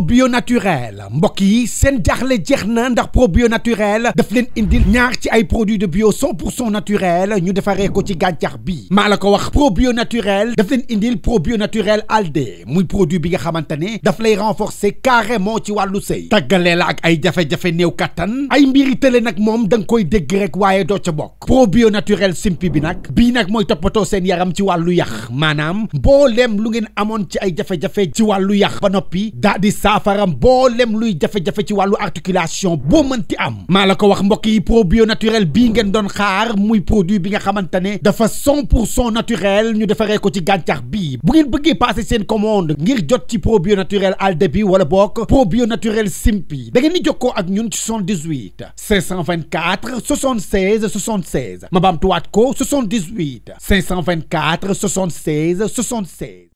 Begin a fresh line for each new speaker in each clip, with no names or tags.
bio naturel mbokk yi les jaaxle jeex ndax probio naturel daf leen indil ñaar ci ay de bio 100 naturel ñu defaree ko ci gàncax bi mala ko wax probio naturel daf leen indil probio naturel alde muy produit bi nga xamantane renforcé daf lay renforcer carrément ci walu sey tagalé la ak ay jafé jafé new katan ay mbiri tële koy dégg rek probio naturel simpi bi nak bi nak moy topoto sen yaram ci walu yax Manam. Bolem lu ngeen amone ci ay saafara mboolem luy jafé jafé ci walu articulation boo ti am malako wax mbokk yi probio naturel bi ngeen don xaar muy produit bi nga xamantane dafa 100 naturel ñu defaree ko ci gàncax bi bu ngeen bëggé passer seen commande ngir jot ci probio naturel alde début wala bok probio naturel simpi da ngeen di jokkoo ak ñun ci 78 524 76 76 ma baamtuwaat ko 78 524 76 76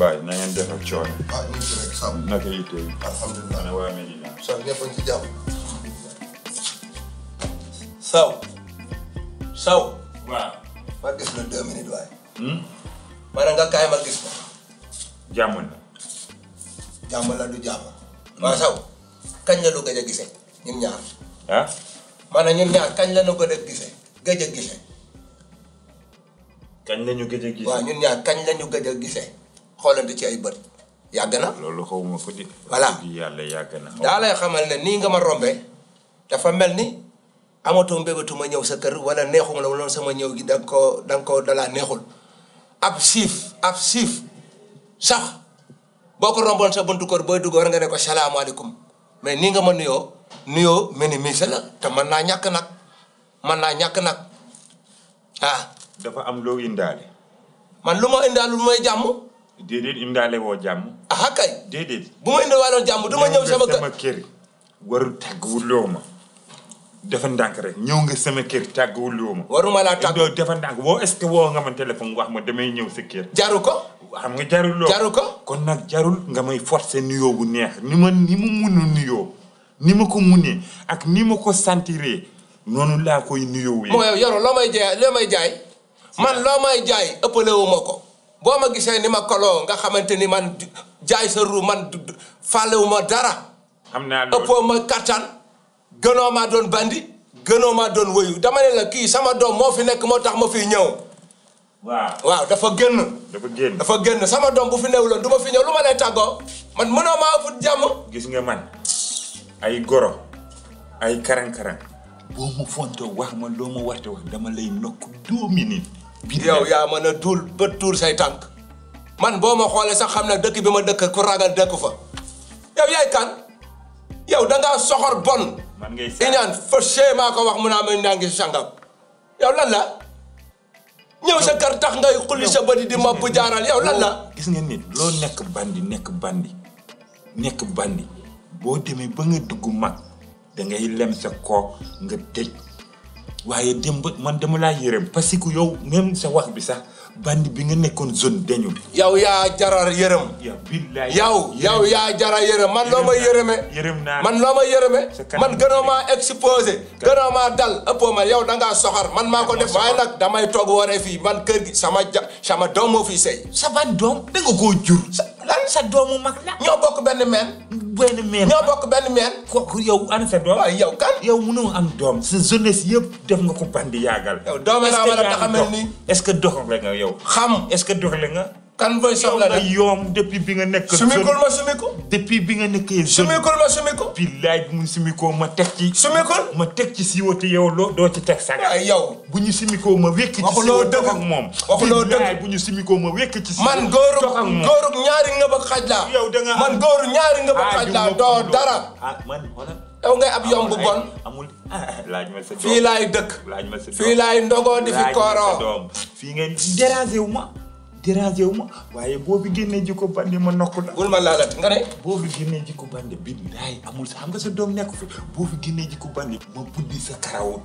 Baye na ngeen def ak coono. waaw ñu ngi ci rek waa Medina. sàmm
ñëpp a ngi ci jàmm. saw Sow. waaw. ma gis la deux minutes waaye. maanaam nga kaay ma gis ko. jàmm na. jàmm la du jàmm. Hmm. waaw Sow kañ la lu gëj a gisee ñun ñaar. ah. maanaam ñun ñaar kañ la ñu gëj a gisee gëj a gisee. kañ la gëj a gisee. waaw ñun ñaar kañ la gëj a gisee. xoolante ci ay bët yàgg na. loolu xawma ko di. voilà yàlla yàgg na. daa lay xamal ne nii nga ma rombe dafa mel ni amatoo mbébatu ma ñëw sa kër wala neexuma la wala sama ñëw gi da nga koo da nga koo dalaa neexul ab siif ab siif sax boo ko romboon sa buntu kër booy dugg war nga ne ko salaamaaleykum mais nii nga ma nuyoo nuyoo mel ni la te mën naa ñàkk nag mën naa ñàkk nag ah. dafa am loo indaale.
man lu ma indaale lu may jàmm. déedéet indaale woo jàmm. ah, ah kay. déedéet. bu ma indawaaloon jàmm du ma ñëw sama kër sama kër. warul tàgguwuloo ma. dafa ndànk rek ñëw nga sama kër tàgguwuloo ma. waruma laa tàggu doo dafa ndànk woo est-ce que woo nga ma téléphone wax ma damay ñëw sa kër. jaru ko. xam nga jarul loo jaru ko. kon nag jarul nga may forcer nuyoo bu neex ni ma ni mu munu nuyoo ni ma ko munee ak ni ma ko sentiree noonu laa koy nuyoo. mooy yow loo may
jaay loo may jaay man loo may jaay ëppale wu ma ko. boo ma gisee ni ma koloo nga xamante ni man jaay sa ru man fàllewu ma dara. am naa loolu ëppoo ma kattan gënoo maa doon bandi gënoo maa doon wëyu dama ne la kii sama doom moo fi nekk moo tax ma fiy ñëw. waaw waaw dafa génn. dafa génn sama doom fi newuloon du fi ñëw lu ma lay tàggoo man mënoo
maa ëpp jàmm. gis nga man ay goro ay karan-karan
boo mu fontoo wax ma loo ma warte wax dama lay nokk deux minutes. yow yaa mana a betul ba tuur say tànk man boo ma xoolee sax xam ne dëkk bi ma dëkk ku ragal dëkk fa yow yaay kan yow da ngaa soxor bon. man ngay seet iñaan fësee maa ko wax mu naa ma naa ngi sangam yow lan la ñëw sa tax ngay xulli sa bëri di ma bu jaaral yow lan la.
gis ngeen nit loo nekk bandi nekk bandi nekk bandi boo demee ba nga dugg mag da ngay lem sa kook nga tëj. waaye démb man dem laa yërëm parce que yow même sa wax bi sax bandi bi nga nekkoon zone dañu. yow
yaa jarar yërëm.
yow yow yaa jarar yërëm man loo may yërëme.
man loo may yërëme. man gënoo maa exposé. gënoo dal ëppoo ma yow da ngaa soxar man maa ko def waaye nag damay toog waree fii man kër gi sama ja sama doom moo fi sey.
sa ban doom da koo jur. lan sa doomu mag la. ñoo bokk benn meen. benn meen ñoo benn meen. kooku yow ana sa doom. waaw yow kan. yow mënoo am doom. sa jeunesse yëpp def nga ko bandi yaagal. yow doome naa ma la ni est-ce que doxale nga yow. xam est-ce que doxale nga. kan mooy soxla de yoom bi nga nekk. sumikul ma sumikul. depuis bi nga nekkee. sumikul ma sumikul. billaay bi mu sumikoo ma teg ci. sumikul ma teg ci si wote yow loo doo ci teg saga. yow bu ñu simikoo ma wékk ci. waxuloo dëgg ak moom waxuloo dëgg bu ñu simikoo ma wékk ci. si man góoru góoru
ñaari nga ba xaj yow da nga man góoru ñaari nga ba xaj laa doo dara.
ah man yow ngay ab yomb bon. amul fii laay dëkk. fii laay ndogoo di fi kooroo. fii ngeen déranger wu ma. déranger wu ma waaye boo fi génnee jikko bandi ma nokku la. bul ma laalati nga ne. boo fi génnee jikko bandi billaay amul sa xam nga sa doom nekk fi boo fi génnee jikko bandi ma buddi sa karaw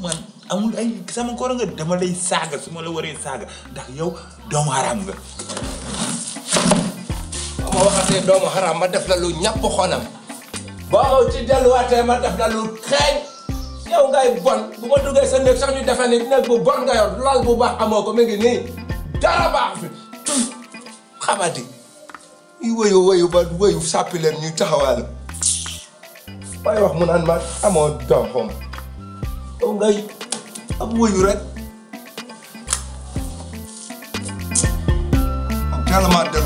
man amul ay sama kóor nga dama lay saga, su ma la waree
saaga ndax yow doomu haram nga. bu ma waxatee doomu haram ma def la lu ñàpp xonam. boo ci delluwaatee ma def la lu xeeñ. yow ngay bon bu ma duggee sa néeg sax ñu bu bon nga yor bu baax mi ngi dara baax fi xamati i wéyu wéyu ba wéyu sàppi leen ñuy taxawaale may wax mu naan ma amoo doom xom yow ngay ab wéyu rek tellement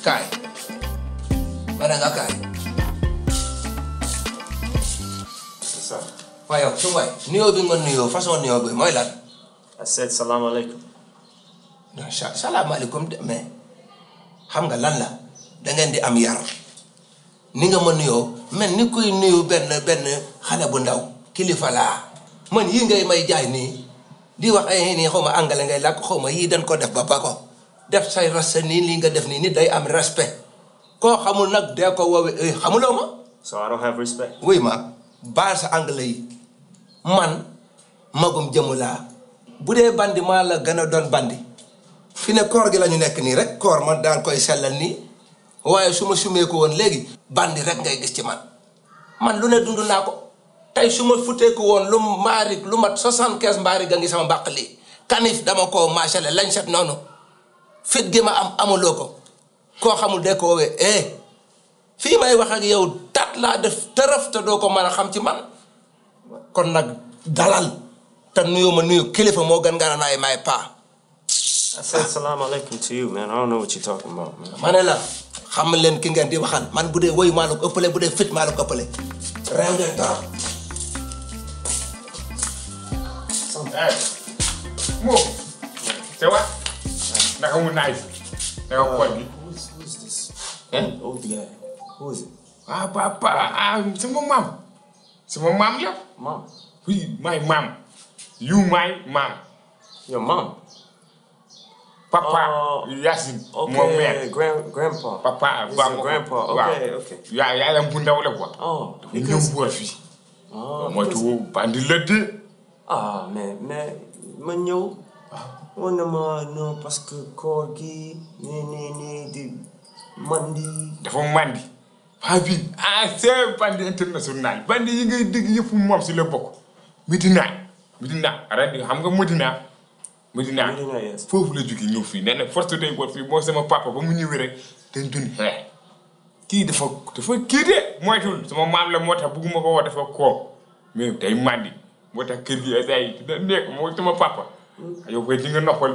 kaay ma nga kaay. waaye yow su waay nuyoo bi nga nuyoo façon nuyoo bi mooy lan. I said salaamaaleykum. non de mais xam nga lan eh, eh, la da di am yar ni nga ma nuyoo mel ni kuy nuyu benn benn xale bu ndaw kilifa laa man yii ngay may jaay nii di wax ay nii xaw ma angale ngay làkk xaw ma yii dañ ko def ba ko. def say rase nii lii nga def nii nit day am respect koo xamul nak dee ko woowe eh, xamuloo so I don't have respect. wuy ma baal anglais man magum jëmu laa bandi maa la gën a bandi fi ne koor gi la nekk rek koor man daan koy sellal nii waaye su sumee ko woon léegi bandi rek ngay gis ci man man lu ne dund naa ko tey su ma futteeku woon lu maarik lu mat a ngi sama mbàq lii kanif dama koo maasale lañ set noonu fit gi ma am amuloo ko koo xamul de ko woowee eh, fii may wax ak yow tat laa def tërëf te doo ko mën a xam ci man kon nag dalal te nuyu ma nuyu kilifa moo gën nga naay may paa. I ma la xam leen ki ngeen di waxal man bu dee woyu maa la bu dee fit maa la ko ëppale. réew ngeen trop.
Mo. Like whole knife. Like whole uh, who's, who's this? Eh? Hmm? Old guy. Who is it? Ah, papa. Ah, my mom. It's my mom, yeah? Mom. We, my mom. You, my mom. Your mom? Papa, uh, oh, yes, okay, mom, grand, grandpa. Papa, it's grandpa. grandpa. Okay, okay. Yeah, yeah, I'm going down the water. Oh, because. Oh, because. Oh, man, man, man, yo. mun na ma non parce que koor gi nii nii nii di mandi. dafa mandi. waa bii ah c'est bandi international bandi yi ngay dégg yëpp moom si la bokk. Medina Medina rajo xam nga Medina. Medina foofu la jógee ñëw fii nee na force day boot fii mooy sama papa ba mu ñëwee rek dañ doon xeex. kii dafa dafa sama maam la moo tax bugguma ko mais day mandi moo tax kër gi ay papa. yow koy di nga noppal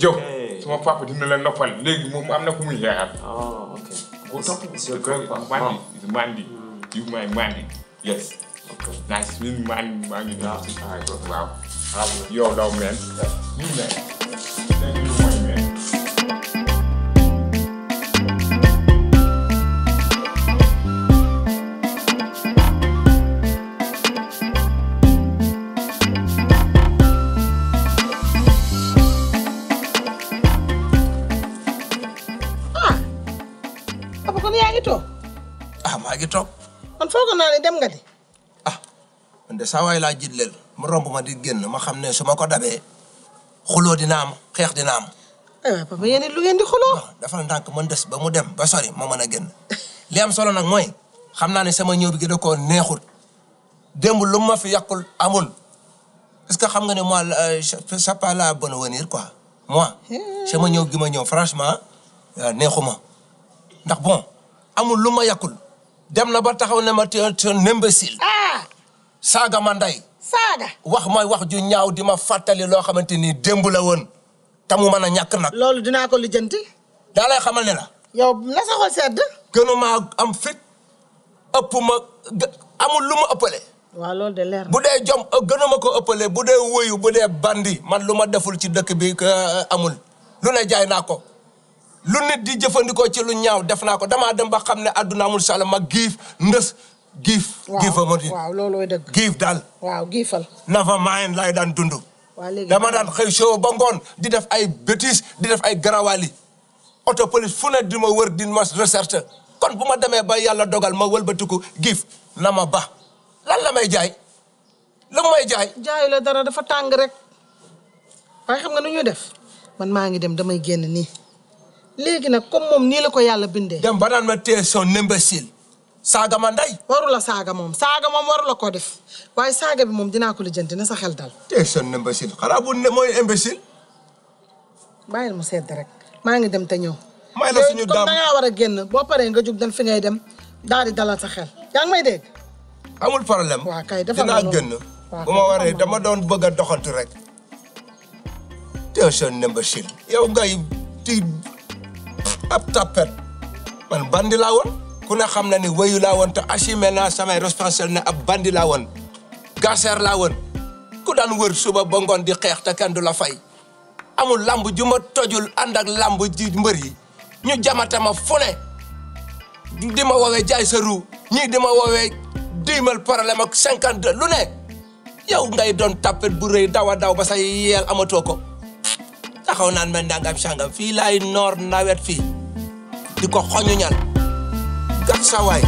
jëw suma papa dina la noppal léegi moom am na ku oh ok ku topp c'est good mandi is mandi you my mandi yes okay nice mean mandi mandi yeah. wow yow daw men you man
foo na dem nga di. ah man de saa waay laa jiitleel mu romb ma di génn ma xam ne su ma ko dabee xuloo dina am xeex dina am. ah papa yéen lu ngeen di xuloo. dafa ndànk man des ba mu dem ba sori ma mën a li am solo nag mooy xam ne sama ñëw bi gi da neexul lu ma fi yakul amul parce que xam nga ne moi euh, c'est pas la bonne avenir quoi moi. sama ñëw gi ma ñëw franchement euh, neexuma ndax bon amul luma yakul dem na ba taxaw ne ma tu es un imbécile. Ah! saaga ma saaga wax mooy wax ju ñaaw di ma fàttali loo xamante ni démb la woon te mu mën a ñàkk nag. loolu dinaa ko lijjanti. daa lay xamal ne la. yow na sa xol sedd. gënu maa am fit ëpp ma amul lu ma ëppale. waaw bu dee jom gënu ma ko ëppale bu dee wuyu bu dee bandi man lu ma deful ci dëkk bi euh, amul lu ne jaay naa ko. lu nit di jëfandikoo ci lu ñaaw def naa ko damaa dem ba xam ne àdduna amul sala ma giif ndës giif giifa ma di waaw loolooy dëgg giif daal waaw giifal nafa maayen laay daan dund dama daan xëy show ba ngoon di def ay bêtises di def ay garawaali oto police fu ne di ma wër di ma recherche kon bu ma demee ba yàlla dogal ma wëlbatiku giif na ma ba lan la may jaay lu may jaay jaayu la dara dafa tàng rek waaye xam nga nu ñuy def man maa ngi dem damay génn nii léegi nag comme moom nii la ko yàlla bindee. dem ba naan ma téye son imbécile. saaga ma nday. waru la saaga moom saaga moom waru la ko def waaye saaga bi moom dinaa ko lijjanti na sa xel dal. téye son imbécile xanaa bu ne mooy imbécile. bàyyil mu sedd rek maa ngi dem te ñëw. may la suñu dam war a génn boo paree nga jug dem fi ngay dem daal di dalal sa xel yaa ngi may dégg. amul problème waaw kay dafa bu ma waree dama doon bëgg a doxantu rek. téye son imbécile yow ngay ti ab tapet man bandi laa woon ku ne xam na ni wayu laa woon te assumé naa samay responsable ne ab bandi laa woon gaseer ku suba ba di xeex te kenn fay amul lamb ju tojul andak ak lamb ji mbër yi ñu jamatama fu ne di ma woowee jaay sa ruu ñii di ma woowee diimal problème ak cinquante lu ne yow ngay doon tapet bu rëy daw daw ba sa yeel amatoo ko taxaw nawet fii di ko xoñu ñaan gàtt sa waay